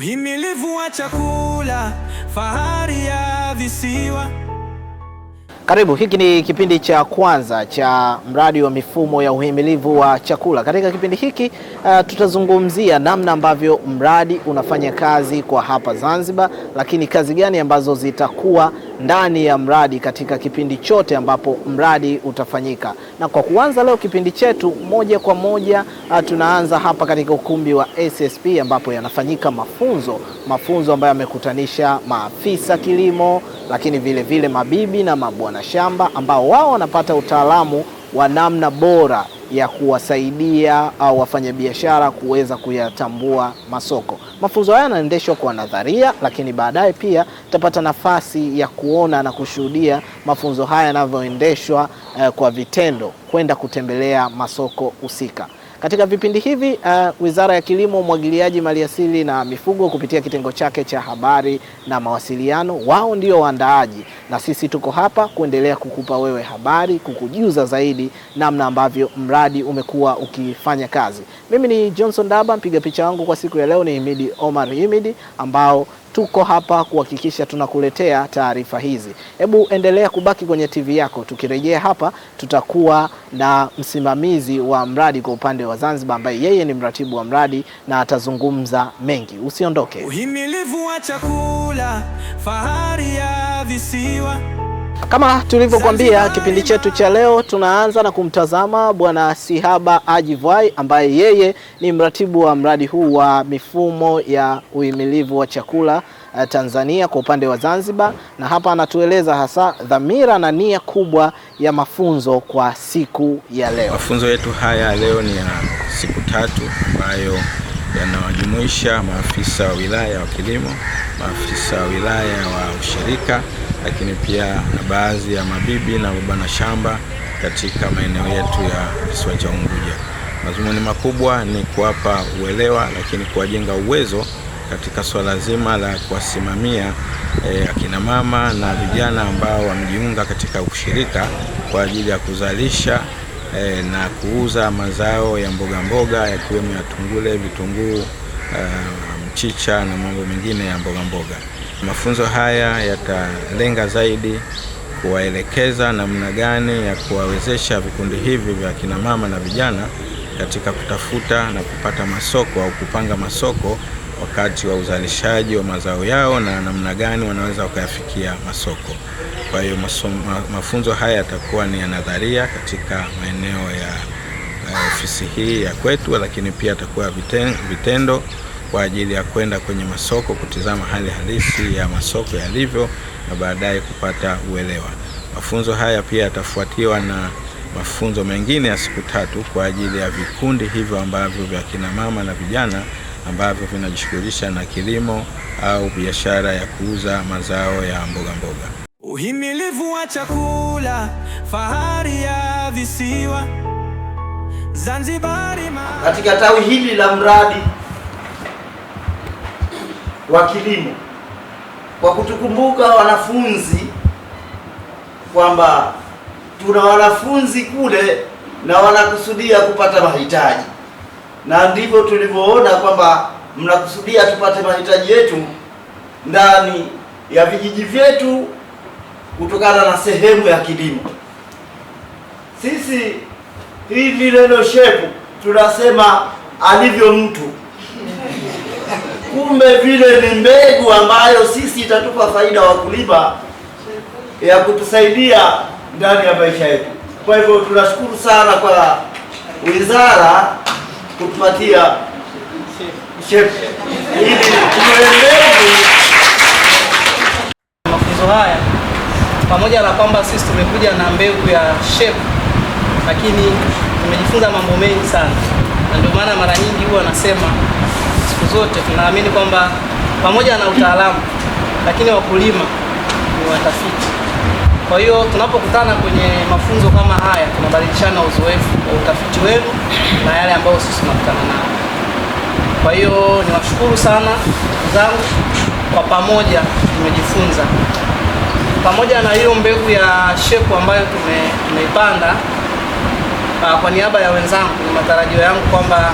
Uhimilivu wa chakula, fahari ya visiwa. Karibu, hiki ni kipindi cha kwanza cha mradi wa mifumo ya uhimilivu wa chakula. Katika kipindi hiki uh, tutazungumzia namna ambavyo mradi unafanya kazi kwa hapa Zanzibar, lakini kazi gani ambazo zitakuwa ndani ya mradi katika kipindi chote ambapo mradi utafanyika. Na kwa kuanza leo kipindi chetu moja kwa moja, ah, tunaanza hapa katika ukumbi wa SSP ambapo yanafanyika mafunzo, mafunzo ambayo yamekutanisha maafisa kilimo, lakini vile vile mabibi na mabwana shamba ambao wao wanapata utaalamu wa namna bora ya kuwasaidia au wafanyabiashara kuweza kuyatambua masoko. Mafunzo haya yanaendeshwa kwa nadharia, lakini baadaye pia tutapata nafasi ya kuona na kushuhudia mafunzo haya yanavyoendeshwa eh, kwa vitendo, kwenda kutembelea masoko husika. Katika vipindi hivi uh, Wizara ya Kilimo, Umwagiliaji, Maliasili na Mifugo kupitia kitengo chake cha habari na mawasiliano, wao ndio waandaaji, na sisi tuko hapa kuendelea kukupa wewe habari, kukujuza zaidi namna ambavyo mradi umekuwa ukifanya kazi. Mimi ni Johnson Daba, mpiga picha wangu kwa siku ya leo ni Himidi Omar Himidi ambao tuko hapa kuhakikisha tunakuletea taarifa hizi. Hebu endelea kubaki kwenye TV yako. Tukirejea hapa, tutakuwa na msimamizi wa mradi kwa upande wa Zanzibar, ambaye yeye ni mratibu wa mradi na atazungumza mengi. Usiondoke. Uhimilivu wa chakula, fahari ya visiwa kama tulivyokuambia kipindi chetu cha leo, tunaanza na kumtazama Bwana Sihaba Ajivwai ambaye yeye ni mratibu wa mradi huu wa mifumo ya uhimilivu wa chakula eh, Tanzania kwa upande wa Zanzibar, na hapa anatueleza hasa dhamira na nia kubwa ya mafunzo kwa siku ya leo. Mafunzo yetu haya leo ni ya siku tatu ambayo yanawajumuisha maafisa wa wilaya wa kilimo, maafisa wa wilaya wa ushirika lakini pia na baadhi ya mabibi na mabwana shamba katika maeneo yetu ya kisiwa cha Unguja. Madhumuni makubwa ni kuwapa uelewa, lakini kuwajenga uwezo katika swala zima la kuwasimamia e, akina mama na vijana ambao wamejiunga katika ushirika kwa ajili ya kuzalisha e, na kuuza mazao ya mboga mboga yakiwemo ya tungule, vitunguu, e, mchicha na mambo mengine ya mboga mboga. Mafunzo haya yatalenga zaidi kuwaelekeza namna gani ya kuwawezesha vikundi hivi vya kina mama na vijana katika kutafuta na kupata masoko au kupanga masoko wakati wa uzalishaji wa mazao yao na namna gani wanaweza wakayafikia masoko. Kwa hiyo mafunzo haya yatakuwa ni ya nadharia katika maeneo ya eh, ofisi hii ya kwetu, lakini pia yatakuwa vitendo kwa ajili ya kwenda kwenye masoko kutizama hali halisi ya masoko yalivyo na baadaye kupata uelewa. Mafunzo haya pia yatafuatiwa na mafunzo mengine ya siku tatu kwa ajili ya vikundi hivyo ambavyo vya kina mama na vijana ambavyo vinajishughulisha na kilimo au biashara ya kuuza mazao ya mboga mboga. Uhimilivu wa chakula, fahari ya visiwa Zanzibar. Katika tawi hili la mradi wa kilimo kwa kutukumbuka wanafunzi kwamba tuna wanafunzi kule na wanakusudia kupata mahitaji, na ndivyo tulivyoona kwamba mnakusudia tupate mahitaji yetu ndani ya vijiji vyetu kutokana na sehemu ya kilimo. Sisi hili neno shepu tunasema alivyo mtu kumbe vile ni mbegu ambayo sisi itatupa faida wakulima ya kutusaidia ndani ya maisha yetu. Kwa hivyo tunashukuru sana kwa wizara kutupatia shefu ili mafunzo haya, pamoja na kwamba sisi tumekuja na mbegu ya shefu, lakini tumejifunza mambo mengi sana, na ndio maana mara nyingi huwa anasema zote tunaamini kwamba pamoja na utaalamu, lakini wakulima ni watafiti. Kwa hiyo tunapokutana kwenye mafunzo kama haya, tunabadilishana uzoefu wa utafiti wenu na yale ambayo sisi tunakutana nayo. Kwa hiyo niwashukuru sana zangu, kwa pamoja tumejifunza pamoja na hiyo mbegu ya shepu ambayo tumeipanda. Ah, kwa niaba ya wenzangu, ni matarajio yangu kwamba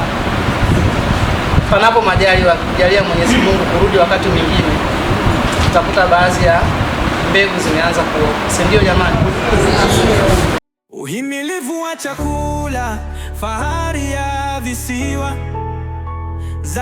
panapo majali wakijalia Mwenyezi Mungu kurudi wakati mwingine, utakuta baadhi ya mbegu zimeanza kuota, si ndio jamani? Uhimilivu wa chakula, fahari ya visiwa.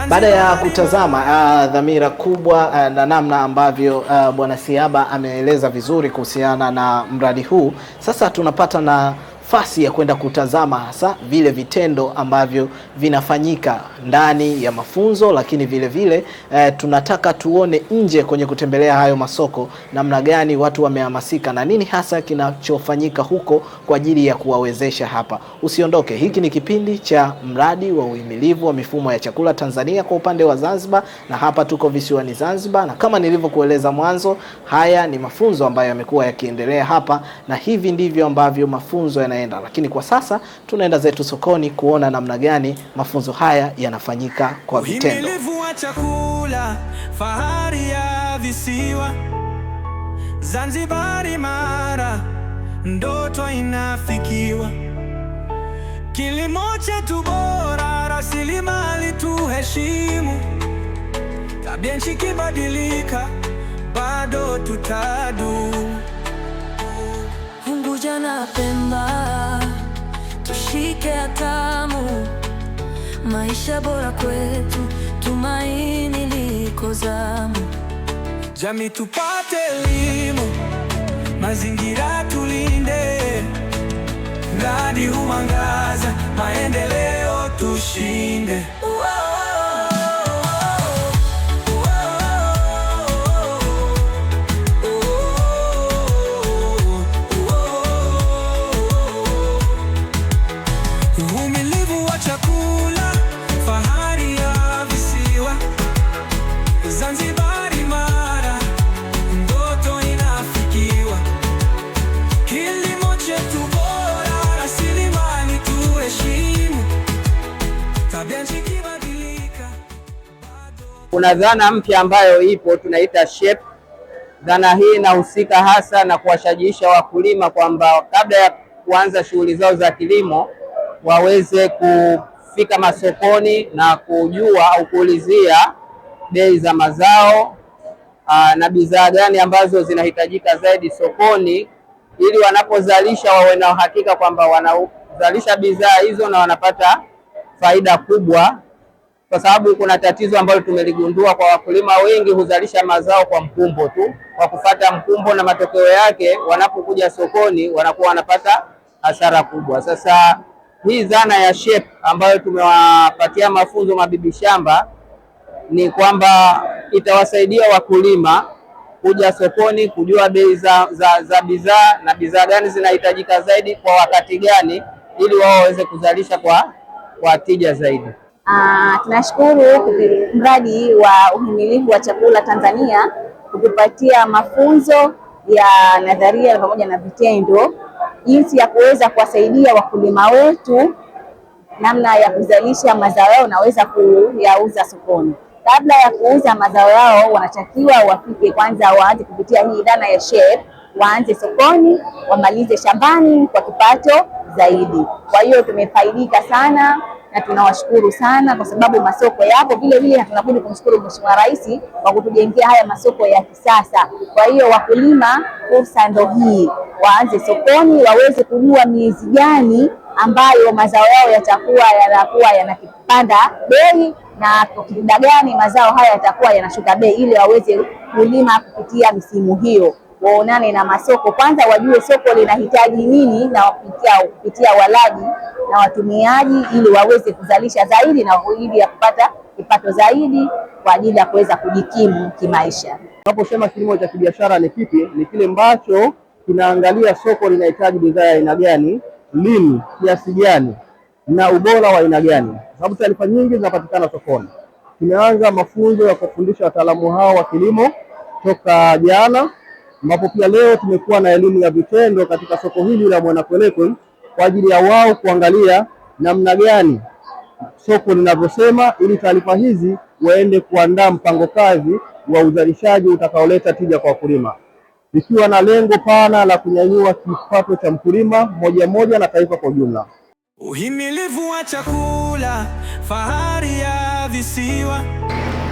Baada ya kutazama uh, dhamira kubwa uh, na namna ambavyo uh, Bwana Siaba ameeleza vizuri kuhusiana na mradi huu, sasa tunapata na nafasi ya kwenda kutazama hasa vile vitendo ambavyo vinafanyika ndani ya mafunzo, lakini vile vile e, tunataka tuone nje kwenye kutembelea hayo masoko, namna gani watu wamehamasika na nini hasa kinachofanyika huko kwa ajili ya kuwawezesha hapa. Usiondoke, hiki ni kipindi cha mradi wa uhimilivu wa mifumo ya chakula Tanzania kwa upande wa Zanzibar, na hapa tuko visiwani Zanzibar, na kama nilivyokueleza mwanzo, haya ni mafunzo ambayo yamekuwa yakiendelea hapa na hivi ndivyo ambavyo mafunzo yana tunaenda, lakini kwa sasa tunaenda zetu sokoni kuona namna gani mafunzo haya yanafanyika kwa vitendo. Uhimilivu wa chakula, fahari ya visiwa Zanzibari, mara ndoto inafikiwa. Kilimo chetu bora, rasilimali tuheshimu. Tabia nchi kibadilika, bado tutadumu moja napenda, tushike hatamu, maisha bora kwetu, tumaini liko zamu. Jamii tupate elimu, mazingira tulinde, mradi huangaza maendeleo tushinde. Kuna dhana mpya ambayo ipo tunaita shape. Dhana hii inahusika hasa na kuwashajiisha wakulima kwamba kabla ya kuanza shughuli zao za kilimo waweze kufika masokoni na kujua au kuulizia bei za mazao aa, na bidhaa gani ambazo zinahitajika zaidi sokoni ili wanapozalisha wawe na uhakika kwamba wanazalisha bidhaa hizo na wanapata faida kubwa kwa sababu kuna tatizo ambalo tumeligundua kwa wakulima wengi, huzalisha mazao kwa mkumbo tu, kwa kufata mkumbo, na matokeo yake wanapokuja sokoni wanakuwa wanapata hasara kubwa. Sasa hii dhana ya shape ambayo tumewapatia mafunzo mabibi shamba ni kwamba itawasaidia wakulima kuja sokoni kujua bei za, za, za bidhaa na bidhaa gani zinahitajika zaidi kwa wakati gani, ili wao waweze kuzalisha kwa, kwa tija zaidi. Ah, tunashukuru mradi wa uhimilivu wa chakula Tanzania kutupatia mafunzo ya nadharia pamoja na vitendo jinsi ya kuweza kuwasaidia wakulima wetu namna ya kuzalisha mazao yao naweza kuyauza sokoni. Kabla ya kuuza mazao yao, wanatakiwa wafike kwanza, waanze kupitia hii dhana ya SHAPE, waanze sokoni, wamalize shambani kwa kipato zaidi. Kwa hiyo tumefaidika sana na tunawashukuru sana kwa sababu masoko yapo vile vile, na tunabudi kumshukuru Mheshimiwa Rais kwa kutujengea haya masoko ya kisasa. Kwa hiyo wakulima, fursa ndo hii, waanze sokoni, waweze kujua miezi gani ambayo mazao yao yatakuwa yanakuwa yanakipanda bei na kwa gani mazao haya yatakuwa yanashuka bei, ili waweze kulima kupitia misimu hiyo waonane na masoko kwanza, wajue soko linahitaji nini, na kupitia kupitia walaji na watumiaji, ili waweze kuzalisha zaidi na ili ya kupata kipato zaidi kwa ajili ya kuweza kujikimu kimaisha. Unaposema kilimo cha kibiashara ni kipi? Ni kile ambacho kinaangalia soko linahitaji bidhaa ya aina gani, lini, kiasi gani na ubora wa aina gani, sababu taarifa nyingi zinapatikana sokoni. Tumeanza mafunzo ya kufundisha wataalamu hao wa kilimo toka jana ambapo pia leo tumekuwa na elimu ya vitendo katika soko hili la Mwanakwerekwe kwa ajili ya wao kuangalia namna gani soko linavyosema, ili taarifa hizi waende kuandaa mpango kazi wa uzalishaji utakaoleta tija kwa wakulima, ikiwa na lengo pana la kunyanyua kipato cha mkulima moja moja na taifa kwa ujumla. Uhimilivu wa chakula, fahari ya visiwa.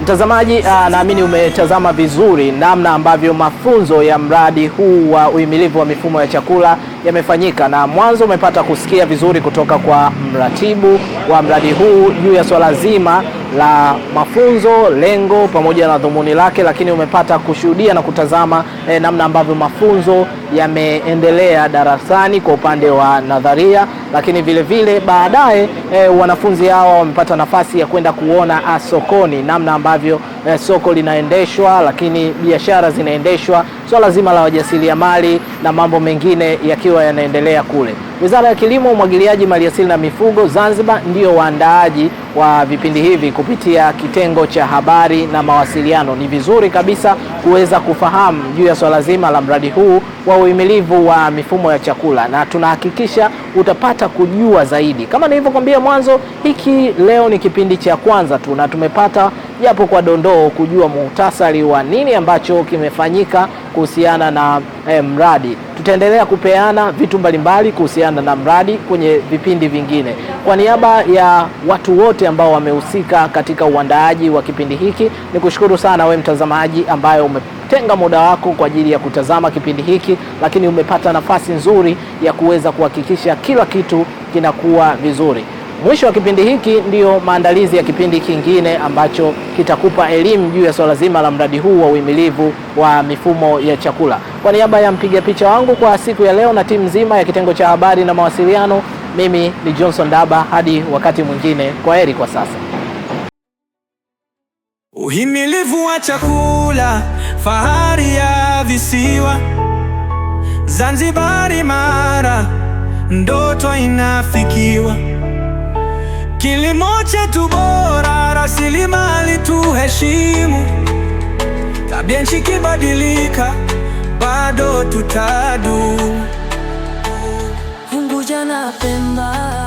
Mtazamaji ah, naamini umetazama vizuri namna ambavyo mafunzo ya mradi huu wa uhimilivu wa mifumo ya chakula yamefanyika, na mwanzo umepata kusikia vizuri kutoka kwa mratibu wa mradi huu juu ya swala zima la mafunzo, lengo pamoja na dhumuni lake, lakini umepata kushuhudia na kutazama eh, namna ambavyo mafunzo yameendelea darasani kwa upande wa nadharia, lakini vile vile baadaye eh, wanafunzi hawa wamepata nafasi ya kwenda kuona ah, sokoni namna ambavyo eh, soko linaendeshwa, lakini biashara zinaendeshwa, swala so zima la wajasiriamali na mambo mengine yakiwa yanaendelea kule. Wizara ya Kilimo, Umwagiliaji, Maliasili na Mifugo Zanzibar ndio waandaaji wa vipindi hivi kupitia kitengo cha habari na mawasiliano. Ni vizuri kabisa kuweza kufahamu juu ya swala zima la mradi huu wa uhimilivu wa mifumo ya chakula, na tunahakikisha utapata kujua zaidi. Kama nilivyokwambia mwanzo, hiki leo ni kipindi cha kwanza tu, na tumepata japo kwa dondoo kujua muhtasari wa nini ambacho kimefanyika kuhusiana na eh, mradi tutaendelea kupeana vitu mbalimbali kuhusiana na mradi kwenye vipindi vingine. Kwa niaba ya watu wote ambao wamehusika katika uandaaji wa kipindi hiki, ni kushukuru sana we mtazamaji ambaye umetenga muda wako kwa ajili ya kutazama kipindi hiki, lakini umepata nafasi nzuri ya kuweza kuhakikisha kila kitu kinakuwa vizuri. Mwisho wa kipindi hiki ndiyo maandalizi ya kipindi kingine ambacho kitakupa elimu juu ya swala zima la mradi huu wa uhimilivu wa mifumo ya chakula. Kwa niaba ya mpiga picha wangu kwa siku ya leo na timu nzima ya kitengo cha habari na mawasiliano, mimi ni Johnson Daba. Hadi wakati mwingine, kwa heri kwa sasa. Uhimilivu wa chakula, fahari ya visiwa Zanzibari, mara ndoto inafikiwa. Kilimo chetu bora, rasilimali tuheshimu. Tabia nchi kibadilika bado tutadumu. Unguja na Pemba